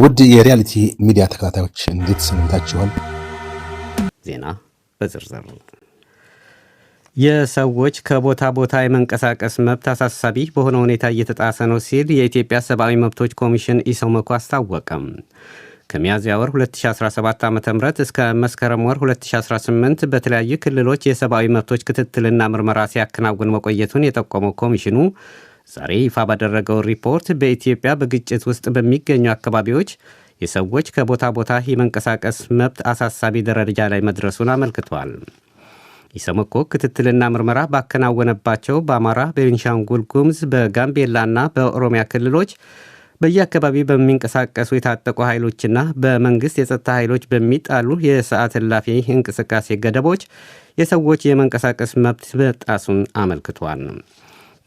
ውድ የሪያሊቲ ሚዲያ ተከታታዮች እንዴት ስምታችኋል? ዜና በዝርዝር። የሰዎች ከቦታ ቦታ የመንቀሳቀስ መብት አሳሳቢ በሆነ ሁኔታ እየተጣሰ ነው ሲል የኢትዮጵያ ሰብአዊ መብቶች ኮሚሽን ኢሰመኮ አስታወቀም። ከሚያዝያ ወር 2017 ዓ ም እስከ መስከረም ወር 2018 በተለያዩ ክልሎች የሰብአዊ መብቶች ክትትልና ምርመራ ሲያከናውን መቆየቱን የጠቆመው ኮሚሽኑ ዛሬ ይፋ ባደረገው ሪፖርት በኢትዮጵያ በግጭት ውስጥ በሚገኙ አካባቢዎች የሰዎች ከቦታ ቦታ የመንቀሳቀስ መብት አሳሳቢ ደረጃ ላይ መድረሱን አመልክቷል። ኢሰመኮ ክትትልና ምርመራ ባከናወነባቸው በአማራ፣ ቤኒሻንጉል ጉምዝ በጋምቤላና በኦሮሚያ ክልሎች በየአካባቢው በሚንቀሳቀሱ የታጠቁ ኃይሎችና በመንግሥት የጸጥታ ኃይሎች በሚጣሉ የሰዓት እላፊ እንቅስቃሴ ገደቦች የሰዎች የመንቀሳቀስ መብት መጣሱን አመልክቷል።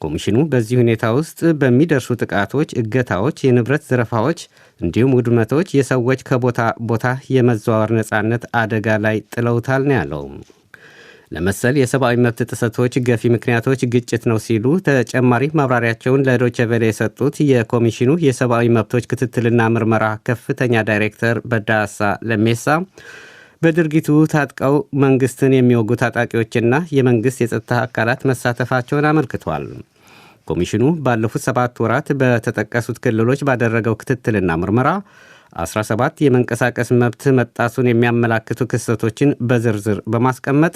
ኮሚሽኑ በዚህ ሁኔታ ውስጥ በሚደርሱ ጥቃቶች፣ እገታዎች፣ የንብረት ዘረፋዎች እንዲሁም ውድመቶች የሰዎች ከቦታ ቦታ የመዘዋወር ነፃነት አደጋ ላይ ጥለውታል ነው ያለው። ለመሰል የሰብአዊ መብት ጥሰቶች ገፊ ምክንያቶች ግጭት ነው ሲሉ ተጨማሪ ማብራሪያቸውን ለዶቼ ቬለ የሰጡት የኮሚሽኑ የሰብአዊ መብቶች ክትትልና ምርመራ ከፍተኛ ዳይሬክተር በዳሳ ለሜሳ በድርጊቱ ታጥቀው መንግስትን የሚወጉ ታጣቂዎችና የመንግስት የጸጥታ አካላት መሳተፋቸውን አመልክቷል። ኮሚሽኑ ባለፉት ሰባት ወራት በተጠቀሱት ክልሎች ባደረገው ክትትልና ምርመራ 17 የመንቀሳቀስ መብት መጣሱን የሚያመላክቱ ክስተቶችን በዝርዝር በማስቀመጥ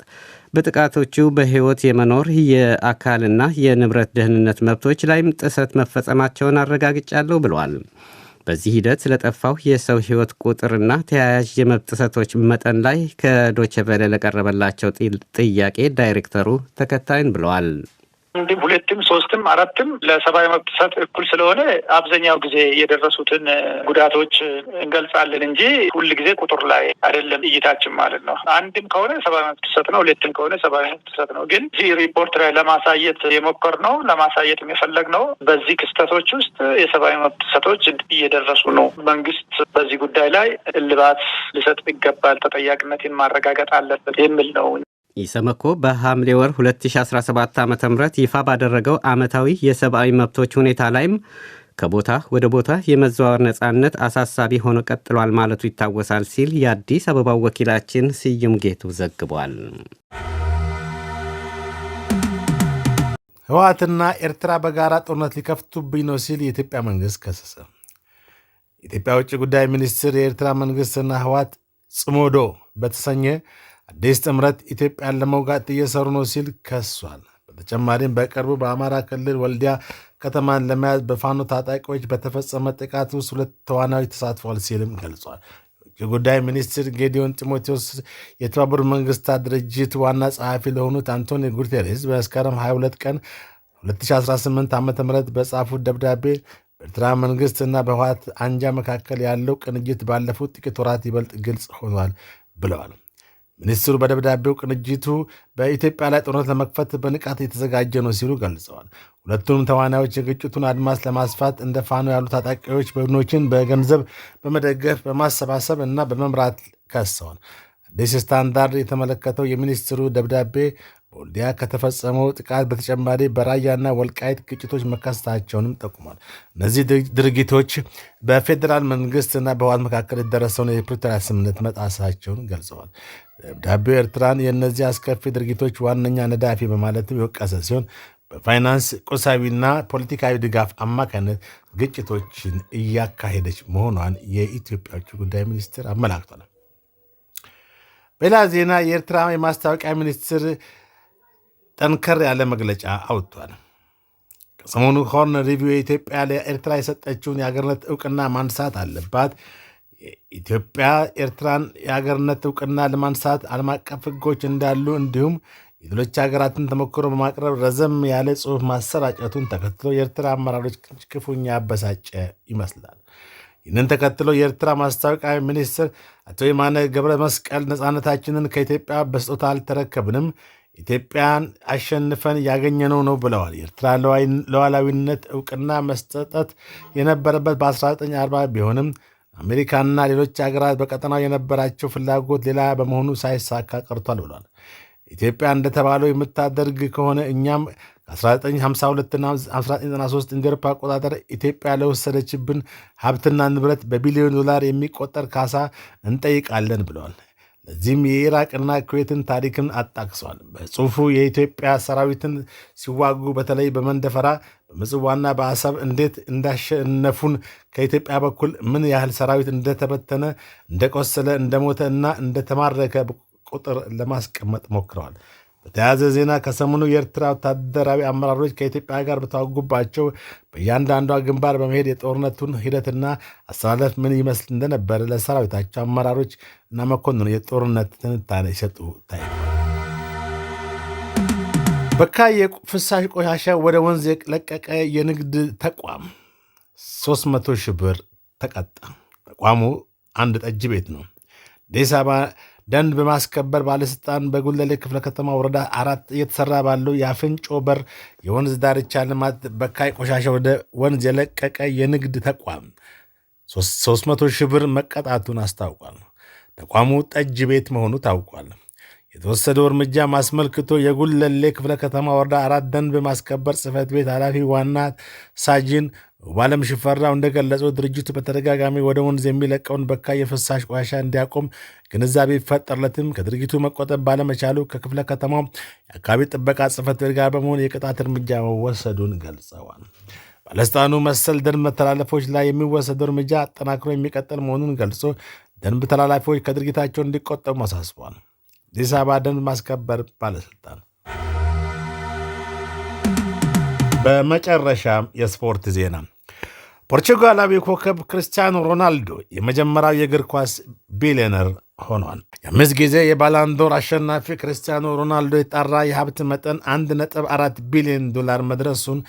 በጥቃቶቹ በሕይወት የመኖር የአካልና የንብረት ደህንነት መብቶች ላይም ጥሰት መፈጸማቸውን አረጋግጫለሁ ብለዋል። በዚህ ሂደት ስለጠፋው የሰው ሕይወት ቁጥርና ተያያዥ የመብት ጥሰቶች መጠን ላይ ከዶቸቨለ ለቀረበላቸው ጥያቄ ዳይሬክተሩ ተከታይን ብለዋል። አንድም ሁለትም ሶስትም አራትም ለሰብአዊ መብት ጥሰት እኩል ስለሆነ አብዛኛው ጊዜ የደረሱትን ጉዳቶች እንገልጻለን እንጂ ሁል ጊዜ ቁጥር ላይ አይደለም እይታችን ማለት ነው። አንድም ከሆነ ሰብአዊ መብት ጥሰት ነው፣ ሁለትም ከሆነ ሰብአዊ መብት ጥሰት ነው። ግን እዚህ ሪፖርት ላይ ለማሳየት ነው ለማሳየት ነው በዚህ ክስተቶች ውስጥ የሰብአዊ መብት ጥሰቶች እየደረሱ ነው። መንግስት በዚህ ጉዳይ ላይ እልባት ሊሰጥ ይገባል፣ ተጠያቂነትን ማረጋገጥ አለበት የሚል ነው። ኢሰመኮ በሐምሌ ወር 2017 ዓ ም ይፋ ባደረገው ዓመታዊ የሰብአዊ መብቶች ሁኔታ ላይም ከቦታ ወደ ቦታ የመዘዋወር ነፃነት አሳሳቢ ሆኖ ቀጥሏል ማለቱ ይታወሳል ሲል የአዲስ አበባው ወኪላችን ስዩም ጌቱ ዘግቧል። ህወሓትና ኤርትራ በጋራ ጦርነት ሊከፍቱብኝ ነው ሲል የኢትዮጵያ መንግስት ከሰሰ። የኢትዮጵያ ውጭ ጉዳይ ሚኒስትር የኤርትራ መንግስትና ህወሓት ጽሞዶ በተሰኘ አዲስ ጥምረት ኢትዮጵያን ለመውጋት እየሰሩ ነው ሲል ከሷል። በተጨማሪም በቅርቡ በአማራ ክልል ወልዲያ ከተማን ለመያዝ በፋኖ ታጣቂዎች በተፈጸመ ጥቃት ውስጥ ሁለት ተዋናዮች ተሳትፏል ሲልም ገልጿል። የውጭ ጉዳይ ሚኒስትር ጌዲዮን ጢሞቴዎስ የተባበሩት መንግስታት ድርጅት ዋና ጸሐፊ ለሆኑት አንቶኒ ጉቴሬስ በመስከረም 22 ቀን 2018 ዓ ም በጻፉት ደብዳቤ በኤርትራ መንግስት እና በህወሓት አንጃ መካከል ያለው ቅንጅት ባለፉት ጥቂት ወራት ይበልጥ ግልጽ ሆኗል ብለዋል። ሚኒስትሩ በደብዳቤው ቅንጅቱ በኢትዮጵያ ላይ ጦርነት ለመክፈት በንቃት የተዘጋጀ ነው ሲሉ ገልጸዋል። ሁለቱም ተዋናዮች የግጭቱን አድማስ ለማስፋት እንደ ፋኖ ያሉ ታጣቂዎች ቡድኖችን በገንዘብ በመደገፍ በማሰባሰብ እና በመምራት ከሰዋል። አዲስ ስታንዳርድ የተመለከተው የሚኒስትሩ ደብዳቤ በወልዲያ ከተፈጸመው ጥቃት በተጨማሪ በራያና ወልቃይት ግጭቶች መከሰታቸውንም ጠቁሟል። እነዚህ ድርጊቶች በፌዴራል መንግስትና በህወሓት መካከል የደረሰውን የፕሪቶሪያ ስምምነት መጣሳቸውን ገልጸዋል። ደብዳቤው ኤርትራን የእነዚህ አስከፊ ድርጊቶች ዋነኛ ነዳፊ በማለትም የወቀሰ ሲሆን በፋይናንስ ቁሳዊና ፖለቲካዊ ድጋፍ አማካኝነት ግጭቶችን እያካሄደች መሆኗን የኢትዮጵያ ውጭ ጉዳይ ሚኒስትር አመላክቷል። በሌላ ዜና የኤርትራ የማስታወቂያ ሚኒስትር ጠንከር ያለ መግለጫ አውጥቷል። ከሰሞኑ ሆርን ሪቪው የኢትዮጵያ ለኤርትራ የሰጠችውን የሀገርነት እውቅና ማንሳት አለባት። ኢትዮጵያ ኤርትራን የሀገርነት እውቅና ለማንሳት ዓለም አቀፍ ሕጎች እንዳሉ እንዲሁም የሌሎች ሀገራትን ተሞክሮ በማቅረብ ረዘም ያለ ጽሑፍ ማሰራጨቱን ተከትሎ የኤርትራ አመራሮች ክፉኛ አበሳጨ ይመስላል። ይህንን ተከትሎ የኤርትራ ማስታወቂያ ሚኒስትር አቶ የማነ ገብረ መስቀል ነፃነታችንን ከኢትዮጵያ በስጦታ አልተረከብንም ኢትዮጵያን አሸንፈን ያገኘነው ነው ብለዋል። የኤርትራ ለዋላዊነት እውቅና መስጠት የነበረበት በ1940 ቢሆንም አሜሪካና ሌሎች ሀገራት በቀጠናው የነበራቸው ፍላጎት ሌላ በመሆኑ ሳይሳካ ቀርቷል ብሏል። ኢትዮጵያ እንደተባለው የምታደርግ ከሆነ እኛም ከ1952ና 1993 እንደ አውሮፓ አቆጣጠር ኢትዮጵያ ለወሰደችብን ሀብትና ንብረት በቢሊዮን ዶላር የሚቆጠር ካሳ እንጠይቃለን ብለዋል። እዚህም የኢራቅና ኩዌትን ታሪክን አጣቅሷል። በጽሑፉ የኢትዮጵያ ሰራዊትን ሲዋጉ በተለይ በመንደፈራ በምጽዋና በአሰብ እንዴት እንዳሸነፉን ከኢትዮጵያ በኩል ምን ያህል ሰራዊት እንደተበተነ፣ እንደቆሰለ፣ እንደሞተ እና እንደተማረከ ቁጥር ለማስቀመጥ ሞክረዋል። በተያያዘ ዜና ከሰሞኑ የኤርትራ ወታደራዊ አመራሮች ከኢትዮጵያ ጋር በተዋጉባቸው በእያንዳንዷ ግንባር በመሄድ የጦርነቱን ሂደትና አሰላለፍ ምን ይመስል እንደነበረ ለሰራዊታቸው አመራሮች እና መኮንኑ የጦርነት ትንታኔ ይሰጡ ታይ በካ ፍሳሽ ቆሻሻ ወደ ወንዝ የለቀቀ የንግድ ተቋም 300 ሺህ ብር ተቀጣ። ተቋሙ አንድ ጠጅ ቤት ነው። አዲስ አበባ ደንብ በማስከበር ባለስልጣን በጉለሌ ክፍለ ከተማ ወረዳ አራት እየተሰራ ባለው የአፍንጮ በር የወንዝ ዳርቻ ልማት በካይ ቆሻሻ ወደ ወንዝ የለቀቀ የንግድ ተቋም 300 ሺህ ብር መቀጣቱን አስታውቋል። ተቋሙ ጠጅ ቤት መሆኑ ታውቋል። የተወሰደው እርምጃ ማስመልክቶ የጉለሌ ክፍለ ከተማ ወረዳ አራት ደንብ ማስከበር ጽህፈት ቤት ኃላፊ ዋና ሳጅን ውባለም ሽፈራው እንደገለጸው ድርጅቱ በተደጋጋሚ ወደ ወንዝ የሚለቀውን በካይ የፍሳሽ ቆሻሻ እንዲያቆም ግንዛቤ ይፈጠርለትም ከድርጊቱ መቆጠብ ባለመቻሉ ከክፍለ ከተማው የአካባቢ ጥበቃ ጽሕፈት ቤት ጋር በመሆን የቅጣት እርምጃ መወሰዱን ገልጸዋል። ባለስልጣኑ መሰል ደንብ መተላለፎች ላይ የሚወሰደው እርምጃ አጠናክሮ የሚቀጥል መሆኑን ገልጾ ደንብ ተላላፊዎች ከድርጊታቸው እንዲቆጠቡ አሳስቧል። አዲስ አበባ ደንብ ማስከበር ባለስልጣን በመጨረሻም የስፖርት ዜና። ፖርቹጋላዊ ኮከብ ክርስቲያኖ ሮናልዶ የመጀመሪያው የእግር ኳስ ቢሊዮነር ሆኗል። የአምስት ጊዜ የባላንዶር አሸናፊ ክርስቲያኖ ሮናልዶ የጣራ የሀብት መጠን 1.4 ቢሊዮን ዶላር መድረሱን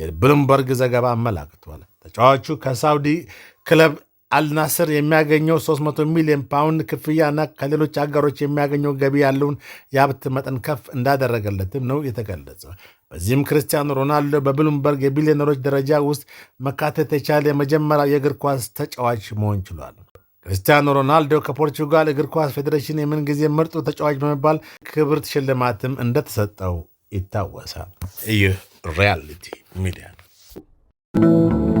የብሉምበርግ ዘገባ አመላክቷል። ተጫዋቹ ከሳውዲ ክለብ አልናስር የሚያገኘው 300 ሚሊዮን ፓውንድ ክፍያና ከሌሎች አገሮች የሚያገኘው ገቢ ያለውን የሀብት መጠን ከፍ እንዳደረገለትም ነው የተገለጸ። በዚህም ክርስቲያኖ ሮናልዶ በብሉምበርግ የቢሊዮነሮች ደረጃ ውስጥ መካተት የቻለ የመጀመሪያው የእግር ኳስ ተጫዋች መሆን ችሏል። ክርስቲያኖ ሮናልዶ ከፖርቹጋል እግር ኳስ ፌዴሬሽን የምንጊዜ ምርጡ ተጫዋች በመባል ክብርት ሽልማትም እንደተሰጠው ይታወሳል። ይህ ሪያሊቲ ሚዲያ ነው።